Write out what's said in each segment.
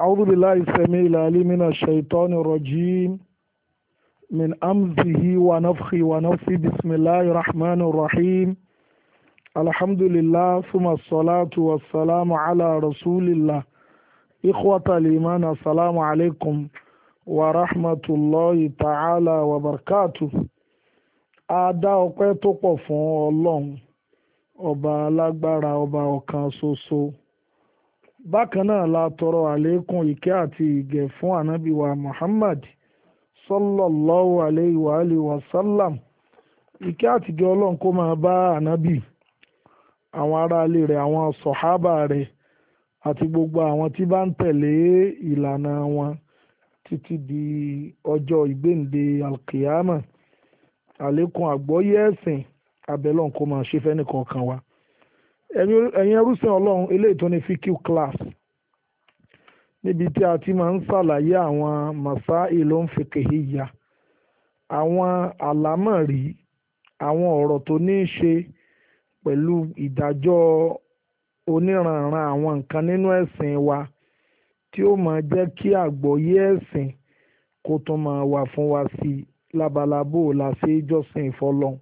أعوذ بالله السميع العليم من الشيطان الرجيم من أمزه ونفخه ونفسه بسم الله الرحمن الرحيم الحمد لله ثم الصلاة والسلام على رسول الله إخوة الإيمان السلام عليكم ورحمة الله تعالى وبركاته a dá ọpẹ́ tó pọ̀ fún ọlọ́run ọba alágbára ọba ọ̀kan ṣoṣo. So -so. bákan náà la tọrọ àlékún ìkẹ́ àti ìgẹ̀ fún ànábì wa Muhammad sallallahu alayhi wa alayhi wa sallam ìkẹ́ àti ìgẹ̀ ọlọ́run kó máa bá ànábì àwọn aráalé rẹ̀ àwọn sọ̀hábà rẹ̀ àti gbogbo àwọn tí bá ń tẹ̀lé ìlànà wọn di ọjọ́ ìgbéǹde alkiyama àlékún àgbọ́yé ẹ̀sìn abẹ́lọ́n kó máa ṣe wa ẹ̀yin ẹrúsìn ọlọ́run eléyìí tó ní fíkú class níbi tí a ti máa ń ṣàlàyé àwọn màsá ìlú ń fìkìhìyà àwọn àlámọ̀rí àwọn ọ̀rọ̀ tó ní í ṣe pẹ̀lú ìdájọ́ oníranran àwọn nǹkan nínú ẹ̀sìn wa tí ó máa jẹ́ kí àgbọ́yé ẹ̀sìn kó tún máa wà fún wa sí i lábalábó la ṣe é ìfọlọ́hún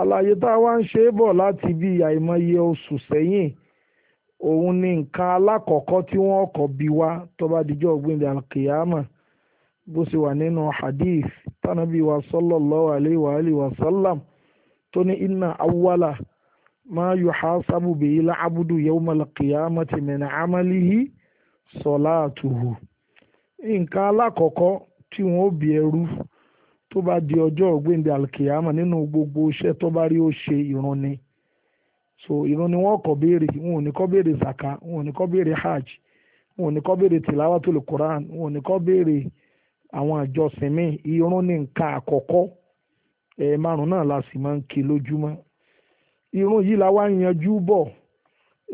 àlàyé tá a wá ń ṣe é bọ̀ láti bí àìmọye oṣù sẹ́yìn òun ni nǹkan alákọ̀ọ́kọ́ tí wọ́n kọ́ bí wá ọ̀gbìnrin alkiyama bó ṣe wà nínú hadith tánàbí wa sallallahu alayhi wa alihi wa sallam tó ní inna awwala ma yuhasabu bihi al-abdu yawma al-qiyamati min amalihi salatuhu nǹkan alákọ̀ọ́kọ́ tí wọ́n ẹrú tó bá di ọjọ́ ọ̀gbẹ́ndẹ̀ alkiyama nínú gbogbo iṣẹ́ tó bá rí ó ṣe so ìrun ni wọ́n kọ́ béèrè wọn ò ní kọ́ béèrè zaka wọn ò ní kọ́ béèrè hajj wọn ò ní kọ́ béèrè tilawa Quran wọn ò ní kọ́ béèrè àwọn àjọsìn míì ni àkọ́kọ́ ẹ márùn náà la sì máa ń la wá yanjú bọ̀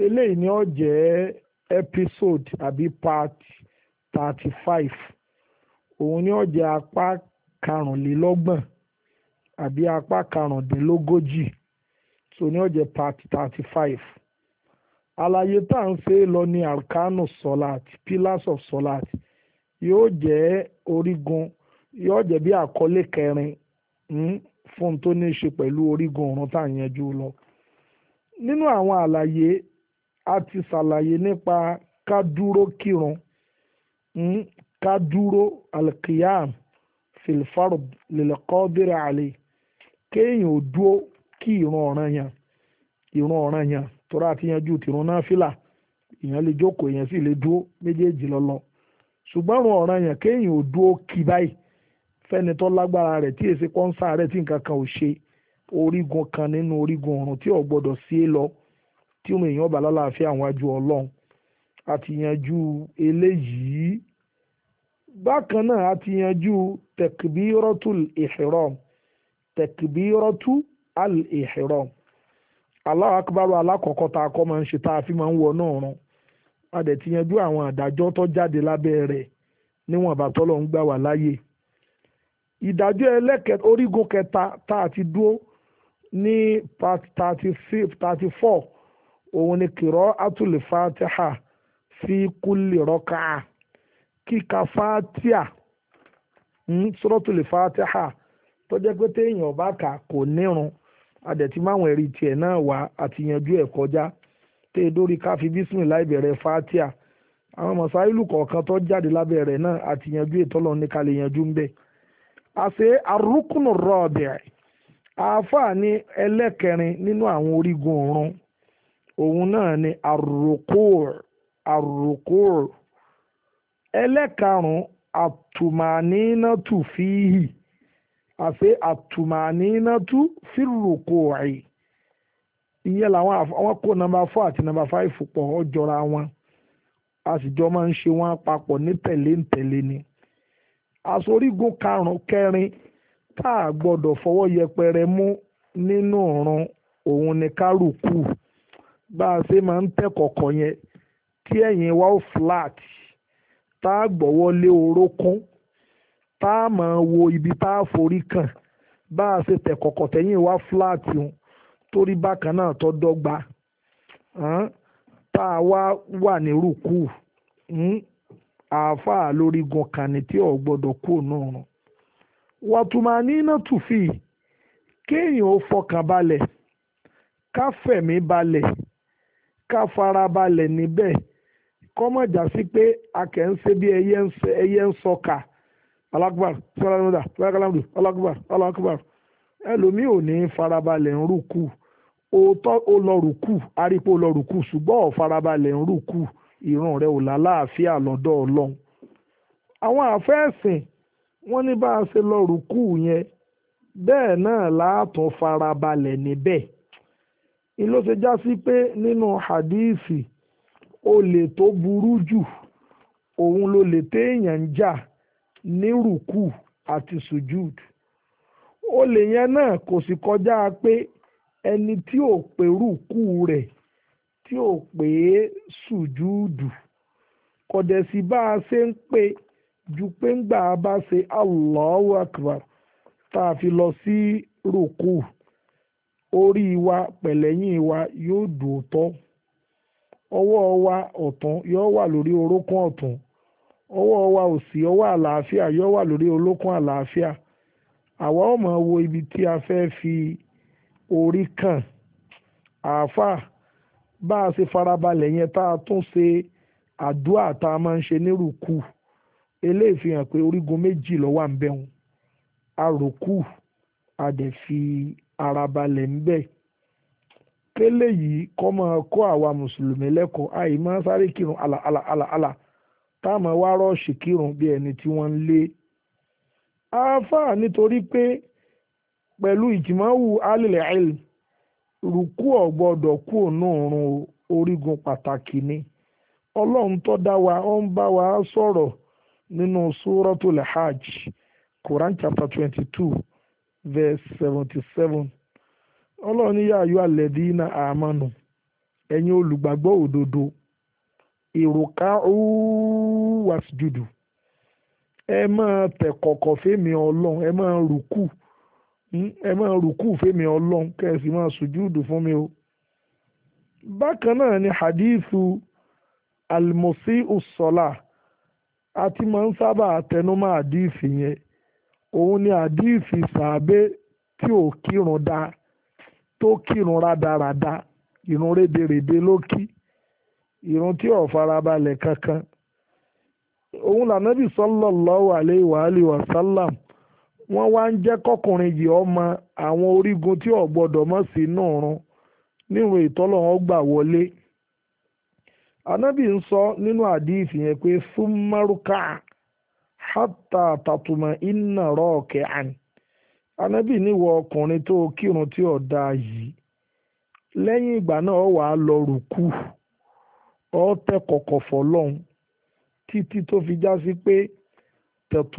eléyìí ni ó jẹ́ episode àbí part thirty five òun ni ó jẹ́ apá karùnlélọ́gbọ̀n àbí apá karùndínlógójì tó ní ọ̀jẹ̀ part thirty five àlàyé tá à ń ṣe lọ ní alkanu solat pillars of solat yóò jẹ́ orígun yóò jẹ́ bí àkọlé kẹrin hmm, fún tó ní í ṣe pẹ̀lú orígun ọ̀run tá à ń lọ nínú àwọn àlàyé a ti ṣàlàyé nípa ká dúró kírun hmm, ká dúró alkiyam filfard lilqadir alayh kéèyàn ò dúó kí ìran ọ̀ràn yàn ìran ọ̀ràn yàn torí àti yanjú tìrun náà fìlà èèyàn lè jókòó èèyàn sì lè dúó méjèèjì lọ́lọ́ ṣùgbọ́n ìran ọ̀ràn yàn kéèyàn ò dúó kí báyìí fẹ́ni tó lágbára rẹ̀ tí èsì pọ́nsá rẹ̀ tí nǹkan kan ò ṣe orígun kan nínú orígun ọ̀run tí ò gbọ́dọ̀ sí é lọ tí òun èèyàn bá lálàáfíà àwọn ọlọ́run àti yanjú eléyìí bákan náà a ti yanjú tẹkbírọ́tul ìhìrọ́m tẹkbírọ́tù al-ìhìrọ́m Allahu akbar alákọ̀ọ́kọ́ tá a kọ́ máa ń ṣe tá a fi máa ń wọ náà rán a ti yanjú àwọn àdájọ́ tó jáde lábẹ́ rẹ̀ níwọ̀n bàtọ́ lọ́n gbà wá láyè ìdájọ́ ẹlẹ́kẹ̀ẹ́ orígun kẹta tá a ti dúró ní part thirty five thirty four òun ni kìrọ́ atúlẹ̀ fatiha fi kúlì rọ́kà kíka fatia sọ́rọ́tòlè fatiha tó jẹ́ pé téèyàn bá kà kò nírun adẹ̀tí máwọn ẹ̀rí tiẹ̀ náà wá àti yanjú ẹ̀ kọjá tẹ́ ẹ dórí ká fi bísímìlá ìbẹ̀rẹ̀ fatia àwọn mọ̀sáìlù kọ̀ọ̀kan tó jáde lábẹ́ rẹ̀ náà àti yanjú ìtọ́lọ́ ní ká lè yanjú ń bẹ̀. àṣe arúkùnù rọ̀ọ̀bẹ̀ àáfàá ní ẹlẹ́kẹrin nínú àwọn orígun ọ̀run òun náà ni arúkùr arúkùr ẹlẹ́karùn-ún àtùmánínátù fíhì àṣẹ àtùmánínátù fírùkù ẹ̀ ìyẹn làwọn àwọn kó nọ́mbà four àti nọ́mbà five pọ̀ ọ́ wọn a sì jọ máa ń ṣe wọn papọ̀ ní tẹ̀lé ń tẹ̀lé ni àsorígun karùn-ún kẹrin tá a gbọ́dọ̀ fọwọ́ yẹpẹrẹ mú nínú ọ̀run òun ni kárùkù bá a ṣe máa ń tẹ́ kọ̀kọ̀ yẹn tí ẹ̀yìn wa ó flat tá a gbọ́wọ́ lé orókún tá a máa wo ibi tá a forí kàn bá a ṣe tẹ̀ kọ̀kọ̀ tẹ̀yìn wá fúláàtì òun torí bákan náà tó dọ́gba tá a wá wà ní rúkú àáfàá lórí gun kàní tí ò gbọ́dọ̀ kú náà wàtúmọ̀ nínà tùfì kéèyàn ó fọkàn balẹ̀ ká fẹ̀mí balẹ̀ ká fara balẹ̀ níbẹ̀ kọ́mọ̀jà sí pé akẹ́ ń ṣe bí ẹyẹ ń sọkà alákùbàr sọlámùdà alákùbàr elu alákùbàr ẹlòmíì ò ní farabalẹ̀ ń rúkú òótọ́ ó lọ rúkú iran lọ rúkú ṣùgbọ́n ò ń rúkú ìran rẹ̀ ò lálàáfíà lọ́dọ̀ ọlọ́run àwọn àfẹ́sìn wọ́n ní bá yẹn olè tó burú jù òun ló lè téèyàn ń jà ní rùkù àti sujud olè yẹn náà kò sì kọjá pé ẹni tí ò pé rùkù rẹ̀ tí ò pé sùjúùdù kò sí a ṣe ń ju pé ń gbà bá ṣe Allahu Akbar tá a fi lọ sí rùkù orí wa pẹ̀lẹ́yìn wa yóò dòótọ́. ọwọ́ wa ọ̀tún yóò wà lórí orókún ọ̀tún ọwọ́ wa òsì ọwọ́ àlàáfíà yóò wà lórí olókùn àlàáfíà àwa ò mọ̀ wo ibi tí a fẹ́ fi orí kàn àáfàá bá a ṣe farabalẹ̀ yẹn tá a tún ṣe àdúrà tá a máa ń ṣe nírùkù eléyìí fi hàn pé orígun méjì ló wà ń bẹ̀hùn àròkù a dẹ̀ fi ara balẹ̀ ń bẹ̀ kélé yìí kọ́ máa kó àwa mùsùlùmí lẹ́kọ̀ọ́ àì máa sáré kírun ala ala wá rọ́ọ̀ṣì kírun bí ẹni tí wọ́n ń lé. àáfàá nítorí pé pẹ̀lú ìjìmáwù alìlẹ̀ ilm rùkú ọ̀gbọ́dọ̀ kú òun òrùn orígun pàtàkì ni ọlọ́run tó dá wa ó ń bá wa sọ̀rọ̀ nínú hajj quran chapter ọlọ́run ní yàá yọ àlẹ́dí iná àmọ́nù ẹ̀yin olùgbàgbọ́ òdodo ìrùkà wàsíjùdù ẹ máa tẹ̀ kọ̀kọ̀ fẹ́mi ọlọ́run ẹ máa rùkù hmm, ẹ máa rùkù fẹ́mi ọlọ́run sì máa fún mi o. bákan náà ni hadithu almosi usola àti ti ń sábà yẹn òun ni tí ò tó kírun rádaràda ìrun rédèrèdè ló kí tí ò farabalẹ̀ kankan òun lànàbì sallallahu alaihi wa alihi wa sallam wọ́n wá ń jẹ́ kọkùnrin yìí ọmọ àwọn orígun tí ò gbọ́dọ̀ mọ̀ sí náà run nírun ìtọ́lọ́wọ́n gbà wọlé anabi ń sọ nínú àdìsí yẹn pé fún márùkà hátà tàtùmọ̀ iná rọ̀ọ̀kẹ́ àná anábì wọ ọkùnrin tó kírun tí ò dáa yìí lẹ́yìn ìgbà náà wà á lọ rùkú ọ tẹ́ kọkọ fọlọ́hún títí tó fi já sí pé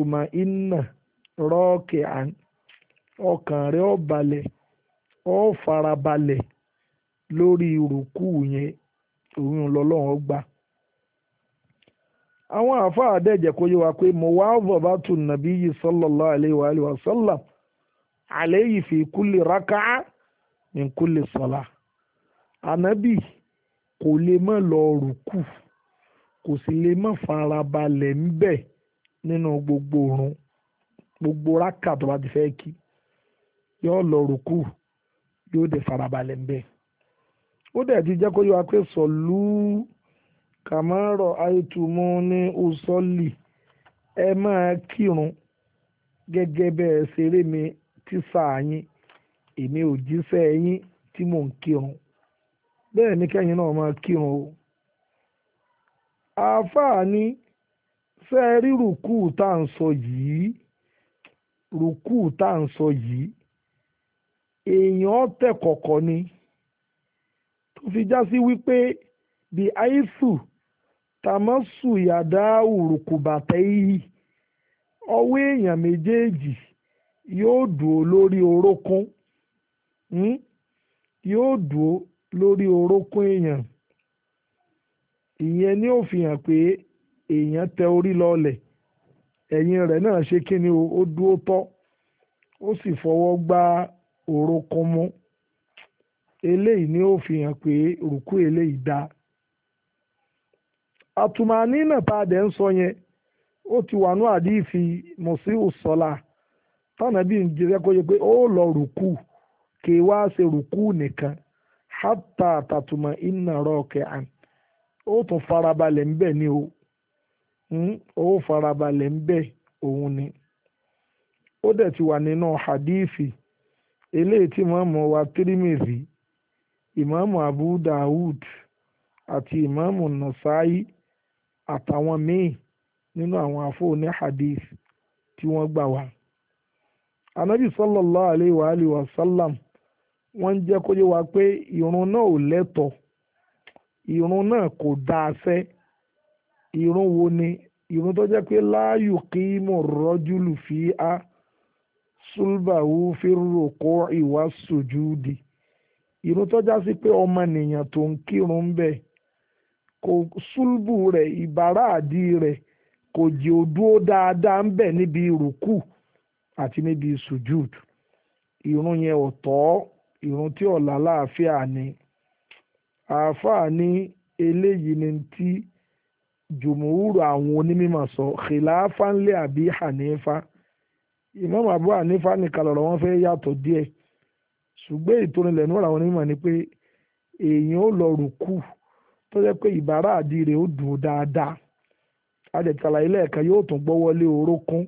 ina iná rọ́ọ̀kì ọkàn ọ balẹ ọ ó farabalẹ̀ lórí rùkú yẹn òun lọ́lọ́run gbà àwọn wa pé mo wá bọ̀ bá tún nàbí yìí àléyìí fi kúlè rákà ní kúlè sọlá anabi kò lè mọ́ lọ rùkù kò sì lè mọ́ farabalẹ̀ ń bẹ̀ nínú gbogbo òrun gbogbo rákà tó bá ti fẹ́ kí yóò lọ rùkù yóò dé farabalẹ̀ ń bẹ̀ ó dẹ̀ ti jẹ́ kó yọ apẹ́ sọ̀lú kàmárọ̀ àìtùmú ní ọ̀sọ́lì ẹ máa kírun gẹ́gẹ́ bẹ́ẹ̀ ṣeré mi tíṣà yín èmi ò jíṣẹ́ yín tí mò ń kírun bẹ́ẹ̀ ni kẹ́yìn náà máa kírun o àáfàá ni ṣe é rí rùkú tá à ń sọ yìí rùkú tá à ń sọ yìí èèyàn tẹ̀ kọ̀kọ̀ ni tó fi já sí wípé bí àìsù tàmọ́sù yàdá òrùkù yìí ọwọ́ èèyàn méjèèjì yóò dúó lórí orókún hmm? yóò dúró lórí orókún èèyàn ìyẹn ni ó fi hàn pé èèyàn tẹ orí lọlẹ ẹyin rẹ̀ náà ṣe kíni ó dúó tọ́ ó sì fọwọ́ gbá orókún mú eléyìí ni ó fi hàn pé rùkú eléyìí dáa àtùmọ̀ àní náà tá a dẹ̀ ń sọ yẹn ó ti ní tọ́nà bí n kó yẹ pé ó lọ rùkú kì wá ṣe rùkú nìkan hátà tàtùmọ̀ iná ó tún farabalẹ̀ ń bẹ̀ ni o hmm? ó farabalẹ̀ ń bẹ̀ òun ni ó dẹ̀ ti wà nínú wa abu dawud àti ìmáàmù nasayi àtàwọn míì nínú àwọn afọ oní hadith tí wọ́n gbà wá. anabi sallallahu alayhi wa alihi wa sallam wọ́n ń kó yé wa pé irun náà ò lẹ́tọ̀ ìrun náà kò dáa sẹ́ ìrun wo ni ìrun tó jẹ́ pé láàyò kí mò rọ́júlù fi á sulbahu fírò kó ìwà sùjúdi ìrun tó já sí pé ọmọnìyàn tó ń kírun bẹ́ẹ̀ kò sulbu rẹ̀ ìbáràdì rẹ̀ kò jẹ́ òdúró dáadáa ń bẹ̀ níbi rùkù. àti níbi sujud irun yẹn ò tọ́ irun tí ọ̀la láàfíà ni àáfàá ní eléyìí ni ti jùmùúrù àwọn onímọ̀ sọ khilafan li Abi Hanifa Imam Abu Hanifa nìkan lọ̀rọ̀ wọn fẹ́ yàtọ̀ díẹ̀ ṣùgbọ́n ìtòrinlẹ̀ ní ọ̀rọ̀ àwọn onímọ̀ ni pé èèyàn ó lọ rùkú tó jẹ́ pé ìbára àdìrẹ́ ó dùn dáadáa ajẹ̀tàlàyé lẹ́ẹ̀kan yóò tún gbọ́ wọlé orókún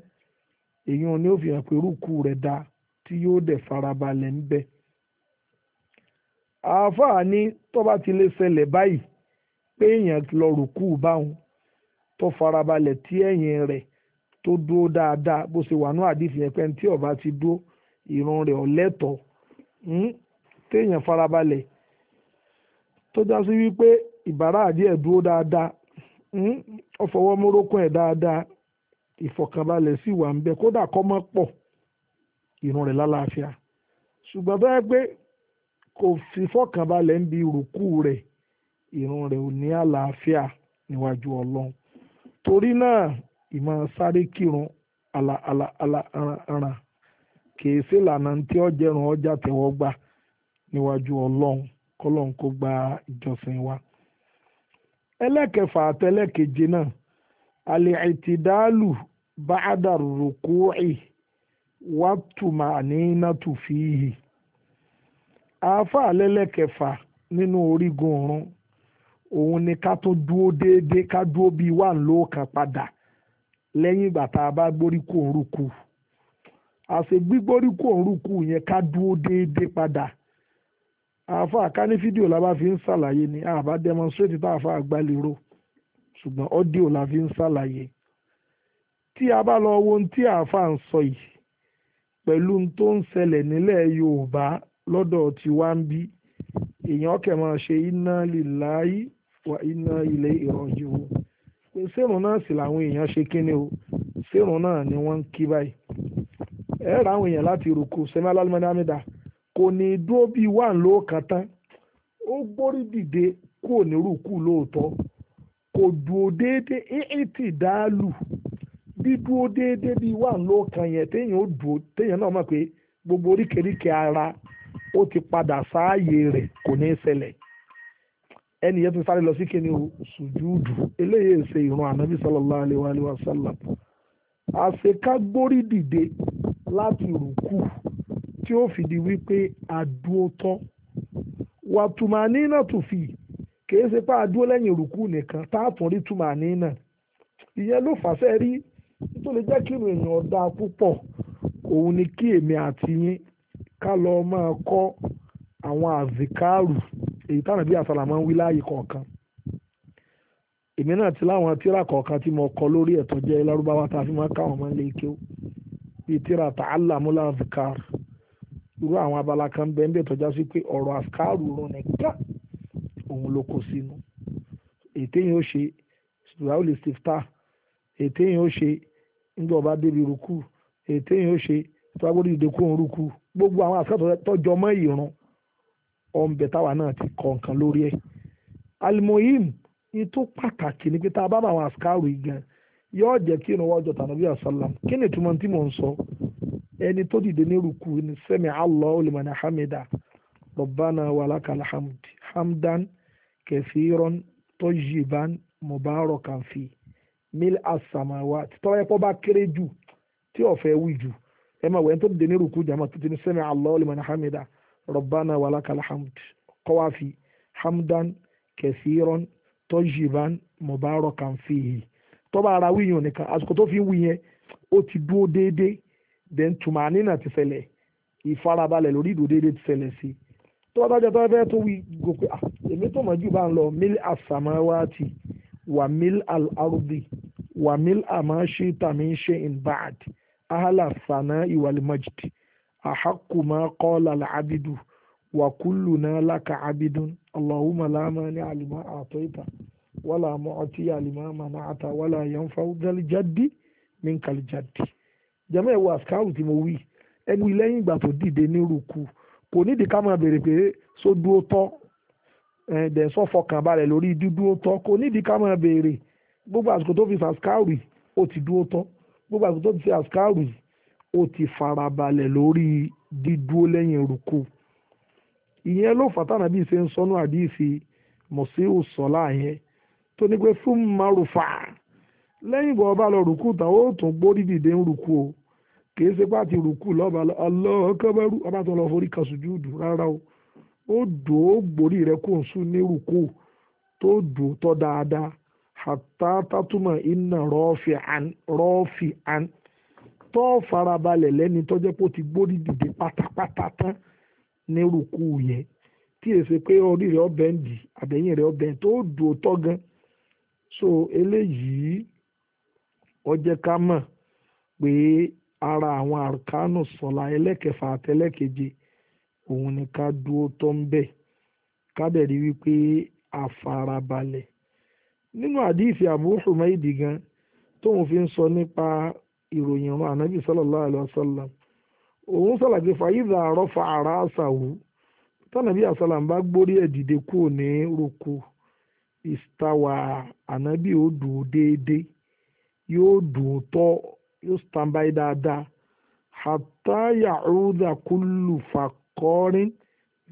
èyàn ni ó fi hàn pé rúkú rẹ̀ dá tí yóò dẹ̀ farabalẹ̀ ń bẹ̀. àáfàá ní tó bá ti lè ṣẹlẹ̀ báyìí pé èèyàn lọ rúkú báwọn tó farabalẹ̀ tí ẹ̀yìn rẹ̀ tó dúró dáadáa bó ṣe wà ní àdìsí yẹn pé tí ọba ti dúró ìran rẹ̀ ọ̀lẹ́tọ̀ hmm? téèyàn farabalẹ̀ tó já sí wípé ìbára àdìẹ dúró dáadáa hmm? ó mórókùn ẹ̀ dáadáa ìfọ̀kànbalẹ̀ sí wà ń bẹ kódà kọ́ mọ́ pọ̀ rẹ̀ lálàáfíà ṣùgbọ́n tó kò fi fọ̀kànbalẹ̀ ń bi rẹ̀ ìrun rẹ̀ ò ní àlàáfíà níwájú ọlọ́run torí náà ìmọ̀ sáré kírun àlà àlà àlà àràn kìí sí ìlànà tí ó jẹrun ọjà gbà níwájú ọlọ́run kọ́lọ́run gba ìjọsìn wa ẹlẹ́kẹfà náà àìtìdálù بعد الركوع والطمأنينة فيه àáfàá lẹ́lẹ́kẹfà nínú orígun ọ̀run òun ni ká tó dúó déédéé ká dúó bíi wà lóòkan padà lẹ́yìn ìgbà tá a bá gbóríkù òǹrùkù àṣẹ gbígbóríkù òǹrùkù yẹn ká dúó déédéé padà àáfàá ká ní fídíò la bá fi ń ṣàlàyé ni àbá demonstrate tá àáfàá gbalẹ̀ ro ṣùgbọ́n ọ́díò la fi ń ṣàlàyé. tí a bá lọ wo tí àáfàá ń sọ yìí pẹ̀lú tó ń ṣẹlẹ̀ nílẹ̀ Yorùbá lọ́dọ̀ tí wá ń bí èèyàn kẹ̀ máa ṣe inna lillahi wa inna ilayhi pé sẹ́rùn náà sì làwọn èèyàn ṣe kíni o sẹ́rùn náà ni wọ́n ń kí báyìí èèyàn láti sẹ́mi alálùmọ́dámẹ́dá kò ní dúró bíi wà ń tán ó gbórí dìde kúrò lóòótọ́ ti dá lù dídúró déédéé bíi wà lóòkan yẹn téèyàn ó dùn téèyàn náà mọ̀ pé gbogbo oríkèéríkèé ara ó ti padà sáàyè rẹ̀ kò ní í ṣẹlẹ̀ ẹnì yẹn tún sáré lọ sí kíni o sùjúùdù eléyìí ṣe ìrun ànábì sallallahu alaihi wa sallam àṣekágbórí dìde láti rùkù tí ó fìdí wípé àdúró tán wàtùmání náà tún fi kìí ṣe pé àdúró lẹ́yìn rùkù nìkan táàtún rí náà ìyẹn ló fàṣẹ rí nítorí lè jẹ́ kí ìròyìn èèyàn dáa púpọ̀ òun ni kí èmi àti yín ká lọ máa kọ́ àwọn àzìkáàrù èyí táwọn àbí àsàlà máa ń wí láàyè kọ̀ọ̀kan èmi náà ti láwọn tíra kọ̀ọ̀kan tí mo kọ lórí ẹ̀tọ́ jẹ́ lárúbáwá tá a fi máa ń káwọn máa ń lé kéw bíi tíra ta'allamul azkar irú àwọn abala kan bẹ́ẹ̀ bẹ́ẹ̀ tọ́já sí pé ọ̀rọ̀ àzìkáàrù rún nìkan òun ló kó sínú ètè yìí ó ṣe ṣùgbọ́n ó lè ṣèftà ètè yìí ó ṣe nígbà ọba débi rúkú ètè yìí ṣe tó gbogbo àwọn àṣà tọjọ mọ́ ìrun ọ̀nbẹ táwa náà ti kọ̀ nǹkan lórí ẹ̀ alimoyim ní tó pàtàkì ni pé tá a bá àwọn àṣkárù igan yóò jẹ́ kí irun wọ́jọ́ tànàbí àṣàlám kí ni ìtumọ̀ tí mò ń sọ ẹni tó dìde ní rúkú ní sẹ́mi hamida mil asamawa tọ́wọ́ ẹ̀pọ́ bá kéré jù tí ọ̀fẹ́ wí jù ẹ máa wẹ̀ ń tó dìde ní rúkú jàmá tó ti ní sẹ́mi Allahu liman hamida rabbana walakal hamd kọ́wáfì hamdan kẹsìrán tọ́jìbán mubarakan fihi tọ́ba ara wíyàn nìkan àsìkò tó fi ń wí yẹn ó ti dúró déédéé then tùmánínà ti ṣẹlẹ̀ ìfarabalẹ̀ lórí ìdúró déédéé ti ṣẹlẹ̀ sí tọ́ba tó wí gòkè ah, èmi tó mọ̀ jù bá ń lọ mílí àsàmáwá wàmíl al-ardi wàmíl àmọ́ṣe tàmíṣe inbaad ahala sana iwalimajid ahakuma kọ́lá al-abidu wàkúlù náà láka abidun allahumma láàmà ní àlùmọ́ àtọ́ìta wàlà mọ́ọ̀tì àlùmọ́ àmàlàta wàlà yanfa jalijadi min kalijadi jẹ́mọ̀ ẹ̀wọ̀ àsìkáwù tí mo wí ẹni lẹ́yìn ìgbà tó dìde ní rúkú kò nídìí ká máa béèrè pé sódúó tọ́ ẹ̀ẹ́dẹ̀ eh, sọ́fọkànbalẹ̀ lórí dídúró tọ́ kò nídìí ká máa béèrè gbogbo àsìkò tó fi sàskárì ó ti dúró gbogbo àsìkò tó fi sàskárì ó ti farabalẹ̀ lórí dídúró lẹ́yìn rúkú ìyẹn ló fà na bí ṣe ń sọnù àdìsí mọ̀síù sọ́lá yẹn tó ní pé fún marufa lẹ́yìn bọ̀ ọba lọ tán ó tún o kì í ṣe pé àti ọba lọ forí kan rárá o ó dùn ó gborí rẹ̀ kò ń sùn ní rúkú tó tọ́ dáadáa hàtà iná rọ́ọ̀fì an rọ́ọ̀fì faraba tó lẹ́ni tó jẹ́ pé ó ti gborí dìde pátápátá tán ní rúkú yẹn tí èsè pé orí rẹ̀ ọbẹ̀ ń dì àbẹ̀yìn so eléyìí ó ká mọ̀ pé ara àwọn àrùkánù sọ̀la ẹlẹ́kẹfà òun ni ká dúró tọ́ ń bẹ̀ ká dẹ̀ rí wípé a farabalẹ̀ nínú àdíìsì Abu Humaid gan tóun fi ń sọ nípa ìròyìn ọ̀run ànábì sallallahu alaihi òun sàlàyé fàyídà àrọ́fà ara àṣàwù tànàbí àṣàlàm bá gbórí ẹ̀ kúrò ní roko ìsítàwà ànábì o dùn ó déédéé yóò dùn ó tọ́ yóò stand by dáadáa kọ́rin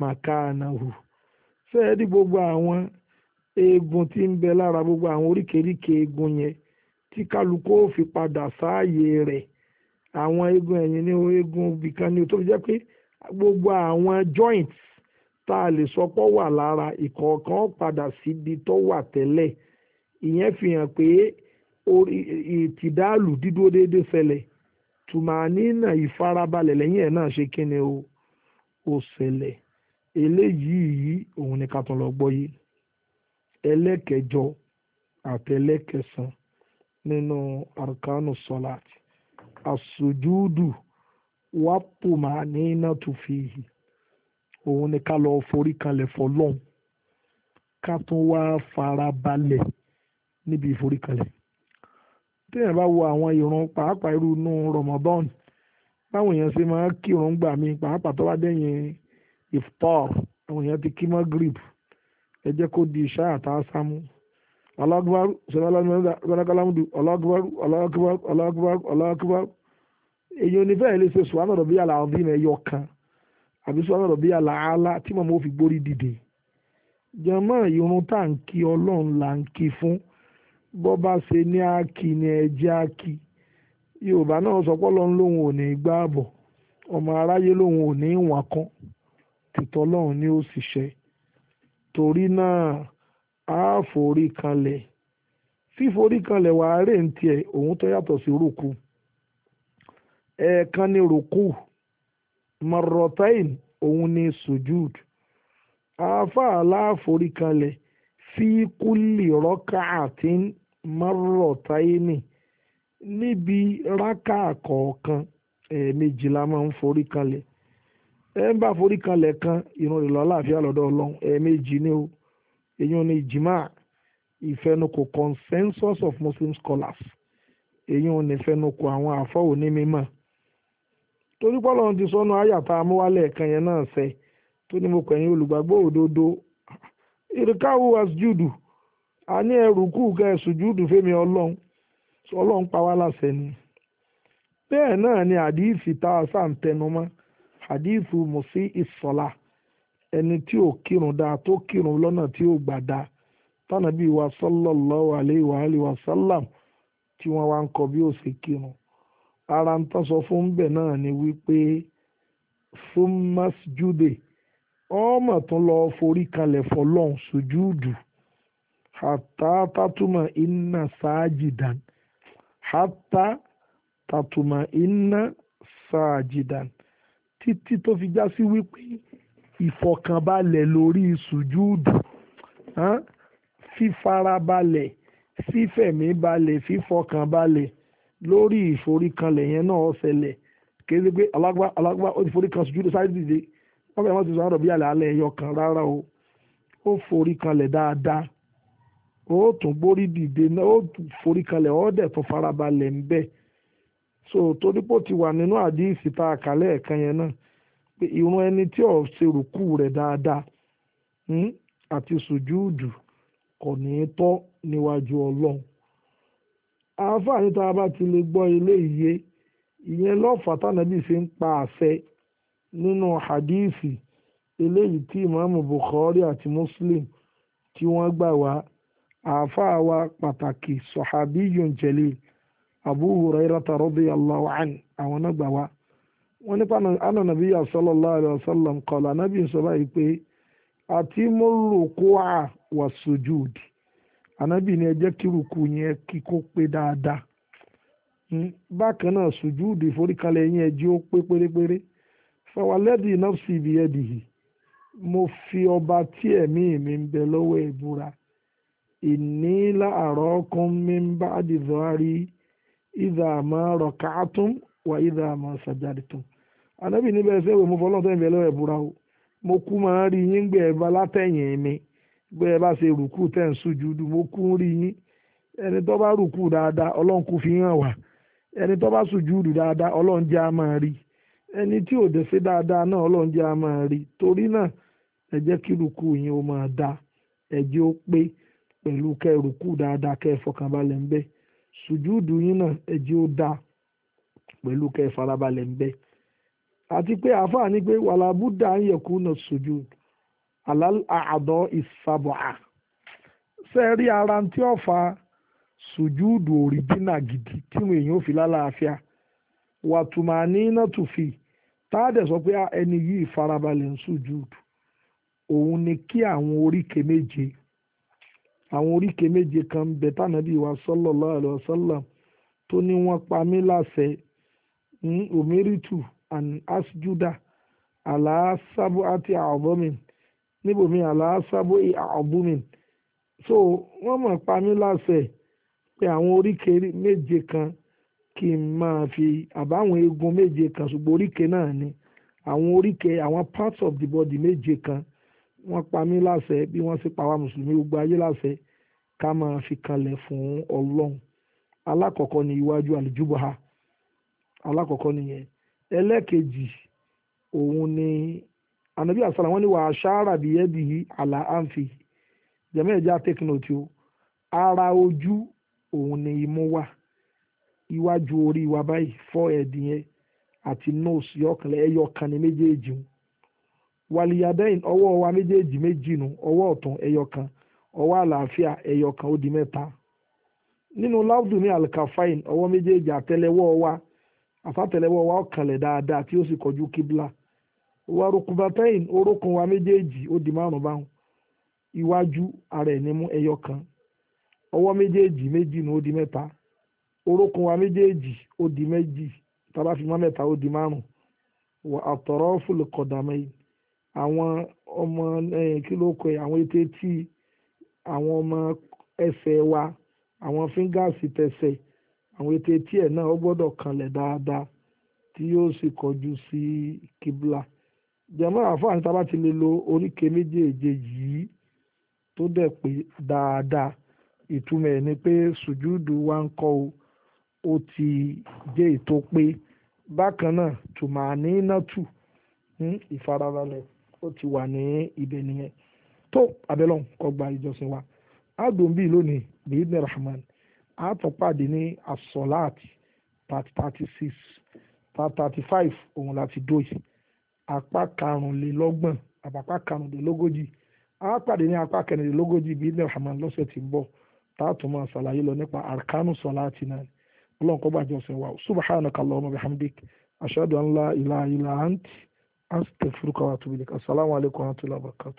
màkànàhù fẹ́ẹ́ rí gbogbo àwọn eegun tí ń bẹ lára gbogbo àwọn oríkèéríkèé eegun yẹn tí kálukú ó fi padà sáàyè rẹ̀ àwọn eegun ẹ̀yìn ní eegun ibìkan ni tó fi jẹ́ pé gbogbo àwọn joints tá a lè sọ pọ̀ wà lára ìkọ̀ọ̀kan padà síbi tó wà tẹ́lẹ̀ ìyẹn fi hàn pé ìtìdáàlù dídúró déédéé ṣẹlẹ̀ tùmọ̀ ní ìfarabalẹ̀ lẹ́yìn ẹ̀ náà ṣe kíni o ó ṣẹlẹ̀ eléyìí yìí òun ni ká tún lọ gbọ́ yìí ẹlẹ́kẹjọ àtẹlẹ́kẹsàn nínú arkanu salat asojúdù wàpùmá nínà tó fi yìí òun ni ká lọ forí kanlẹ̀ fọlọ́n ká tún wá fara balẹ̀ níbi ìforí kanlẹ̀ téèyàn bá wo àwọn ìran pàápàá irú inú Ramadan báwọn èèyàn ṣe máa ń kírun gbà mí pàápàá tó bá dẹ̀yìn àwọn èèyàn ti kí mọ́ grip ẹ jẹ́ kó di ìṣá àtàsámú ọlọ́gbọ́rú sọlọ́lámúdù ọlọ́gbọ́rú ọlọ́gbọ́rú ọlọ́gbọ́rú ọlọ́gbọ́rú èyí lè ṣe sùwánà rọ̀bí àlà ẹ̀yọ kan àbí sùwánà rọ̀bí àlà àlá tí màmá ò fi gbórí dìde irun ọlọ́run fún ṣe ní yorùbá náà sọ pé ọlọ́run lòun ò ní gbá àbọ̀ ọmọ aráyé lòun ò ní ìwọ̀n kan tìtọ́ lọ́run ni ó sì ṣe torí náà a forí kanlẹ̀ fíforí kanlẹ̀ wàá rè ń tiẹ̀ òun tó yàtọ̀ sí rúkú ẹ̀ẹ̀kan ni rúkú mọ̀rọ̀tẹ́ìn òun ni sujud àáfàá láàforí kanlẹ̀ fi rọ́kà àti mọ̀rọ̀tẹ́ìnì níbi rákà kọ̀ọ̀kan ẹ̀ẹ̀mejì la máa ń forí kanlẹ̀ ẹ ń bá forí kan ìrun ìlọ aláàfíà lọ́dọ̀ ọlọ́run ẹ̀ẹ̀mejì ni o èyàn ni jimá ìfẹnukò consensus of muslim scholars èyàn ni ìfẹnukò àwọn afọ mímọ́ torí pọ́lọ́ ti amúwálẹ̀ kan yẹn náà sẹ́ tó ní mo olùgbàgbọ́ òdodo àní ẹrù kù kẹ́ ọlọ́run pa wá láṣẹ ni bẹ́ẹ̀ náà ni àdìsí tá a sá ń tẹnumọ́ àdìsí mùsí ìsọ̀la ẹni tí ò kírun dáa tó kírun lọ́nà tí ò gbà dáa tọ́nà bíi wa sallallahu alayhi wa alihi wa sallam tí wọ́n wá ń kọ bí ó ṣe kírun ara ń tán sọ fún bẹ̀ náà ni wípé fún masjude ọmọ tún lọ forí kalẹ̀ fọlọ́n sojúdù àtàtàtúmọ̀ iná sáájì dàn hátà tàtùmọ̀ iná sàájìdàn títí tó fi já sí wípé ìfọ̀kànbalẹ̀ lórí sùjúùdù fífarabalẹ̀ fífẹ̀míbalẹ̀ fífọ̀kànbalẹ̀ lórí ìforíkanlẹ̀ yẹn náà ṣẹlẹ̀ kìí ṣe pé alágbá alágbá ó ti forí kan sùjúdù sáré dìde wọ́n fẹ́ràn láti sọ àwọn ọ̀rọ̀ bí àlàálẹ̀ kan rárá o ó forí kanlẹ̀ dáadáa ó tún gbórí dìde náà ó forí kalẹ̀ ó dẹ̀ tó farabalẹ̀ ń bẹ̀ so torí pé ó ti wà nínú àdíìsì tá a kà lẹ́ẹ̀kan yẹn náà pé ìrun ẹni tí ò ṣe rùkú rẹ̀ dáadáa hmm, àti sùjúùdù kò ní í tọ́ níwájú ọlọ́run àǹfààní tá a bá ti lè gbọ́ ilé iye ìyẹn lọ́fà tánàbí fi ń pa àṣẹ nínú hadíìsì eléyìí tí ìmáàmù Bukhari àti Muslim tí wọ́n gbà wá a wa pataki sọ̀hábí yunjẹ́lì abu hurairata radiyallahu an àwọn náà gbà wá wọ́n nípa àná nàbí sallallahu sallam qala anabin sọ ikpe pé àti mọ́rùkúà a sujúdì ànábì ni ẹ jẹ́ kírùkù yẹn kíkó pé dáadáa hmm, bákan náà sùjúùdì foríkalẹ̀ yín ẹ ó pé pérépéré fawalẹ́dì fi ọba tí ẹ̀mí mi inni la'arakum min ba'di dhari idha ma raka'tum wa idha ma sajadtum anabi ni be se we mo fọlọ́run te nbe lo e búra o mo ku ma rí yín gbe ba látẹ̀yìn mi gbe ba se ruku te nsujudu mo ku rí yín ẹni tó bá ruku daada Ọlọ́run ku fi hàn wá ẹni tó bá sujudu dáadáa Ọlọ́run jẹ́ a máa rí ẹni tí ò dẹ̀ sí dáadáa náà Ọlọ́run jẹ́ a máa rí torí náà ẹ jẹ́ kí ruku yín ó ma dá ẹ jẹ́ ó pé pẹ̀lú kẹrùkù dáadáa kẹfọkànbalẹ̀ ń bẹ sùjúùdù yín náà ẹjẹ́ ó dáa pẹ̀lú kẹfarabalẹ̀ ń bẹ àti pé àáfàá ni pé wàlábùdà ń yẹ̀kú náà sùjúùdù àdọ́ ìsàbọ̀à sẹ́ẹ̀rí ara tí ó fa sùjúùdù òrìjínà gidi tí wọn èèyàn ò fi lálàáfíà wàtùmá ní iná tù fi táàdẹ̀ sọ pé ẹni yìí farabalẹ̀ ń sùjúùdù òun ni kí àwọn oríkèé méje àwọn oríkè méje kan ń bẹ tánàbí wa sallallahu alaihi wasallam tó ní wọ́n pa mí láṣẹ ní omeritu and asjuda alaasabu àti àbọmin níbòmí alaasabu àbọmin so wọ́n mọ̀ pa mí láṣẹ pé àwọn oríkè méje kan kí n máa fi àbáwọn eegun méje kan ṣùgbọ́n oríkè náà ni àwọn oríkè àwọn parts of the body méje kan wọ́n pa mí láṣẹ bí wọ́n sì pa wá mùsùlùmí gbogbo ayé láṣẹ ká máa fi kalẹ̀ fún ọlọ́run alákọ̀ọ́kọ́ ni iwájú àlùjúbọ̀ha alákọ̀ọ́kọ́ nìyẹn ẹlẹ́ẹ̀kejì òun ni anabi asala wọn ni wàá ṣáàrà bí ẹbí àlà àǹfì jẹ́mọ́ ẹ̀já take note o ara ojú òun ni imú wà iwájú orí wa báyìí fọ́ ẹ̀dìyẹn àti nose yọkànlẹ̀ ẹyọkan méjèèjì wọn wàlìyàdẹ́yìn ọwọ́ ọwa méjèèjì méjì nu ọwọ́ ọ̀tún ẹyọ kan ọwọ́ àlàáfíà ẹyọ kan ó di mẹ́ta nínú láwùjọ ní alkafain ọwọ́ méjèèjì àtẹlẹwọ́ wa àtàtẹlẹwọ́ wa ọ̀kànlẹ̀ dáadáa tí ó sì kọjú kíbla warukubatayin orókun wa méjèèjì ó di márùn báwọn iwájú ara ẹ̀ mú ẹyọ kan ọwọ́ méjèèjì méjì nu ó di mẹ́ta orókun wa àwọn ọmọ kí ló kọ àwọn ètò etí àwọn ọmọ ẹsẹ̀ wa àwọn fíngàsì tẹsẹ̀ àwọn ètò etí ẹ̀ náà ó gbọ́dọ̀ kanlẹ̀ dáadáa tí yóò sì kọjú sí kíbla jẹ̀mọ́ àfáàní tá a bá ti lè lo oríkè méjèèjì yìí tó dẹ̀ pé dáadáa ìtumọ̀ ẹ̀ ni pé sùjúdù wa ń kọ́ o ó ti jẹ́ ètò pé bákan náà tùmọ̀ àní tù hmm, ìfarabalẹ̀ ó ti wà ní ibẹ̀ nìyẹn tó abẹ́lọ́n kọ́ gba ìjọsìn wa adùn bíi lónìí bíi ibn rahman àtúnpàdé ní asọ́láàtì part thirty six part thirty five òun láti dóyè apá karùnlélọ́gbọ̀n àpapá karùnlélógójì àpàdé ní apá kẹrìnlélógójì bíi ibn rahman lọ́sẹ̀ tí ń bọ̀ tààtùmá ṣàlàyé lọ nípa arkanu sọ́láàtì náà ọlọ́run kọ́ gbàjọ́sìn wa subhanaka allahumma bihamdik ashhadu an la ilaha illa anti astaghfiruka wa atubu ilaik assalamu alaikum wa rahmatullahi wa barakatuh.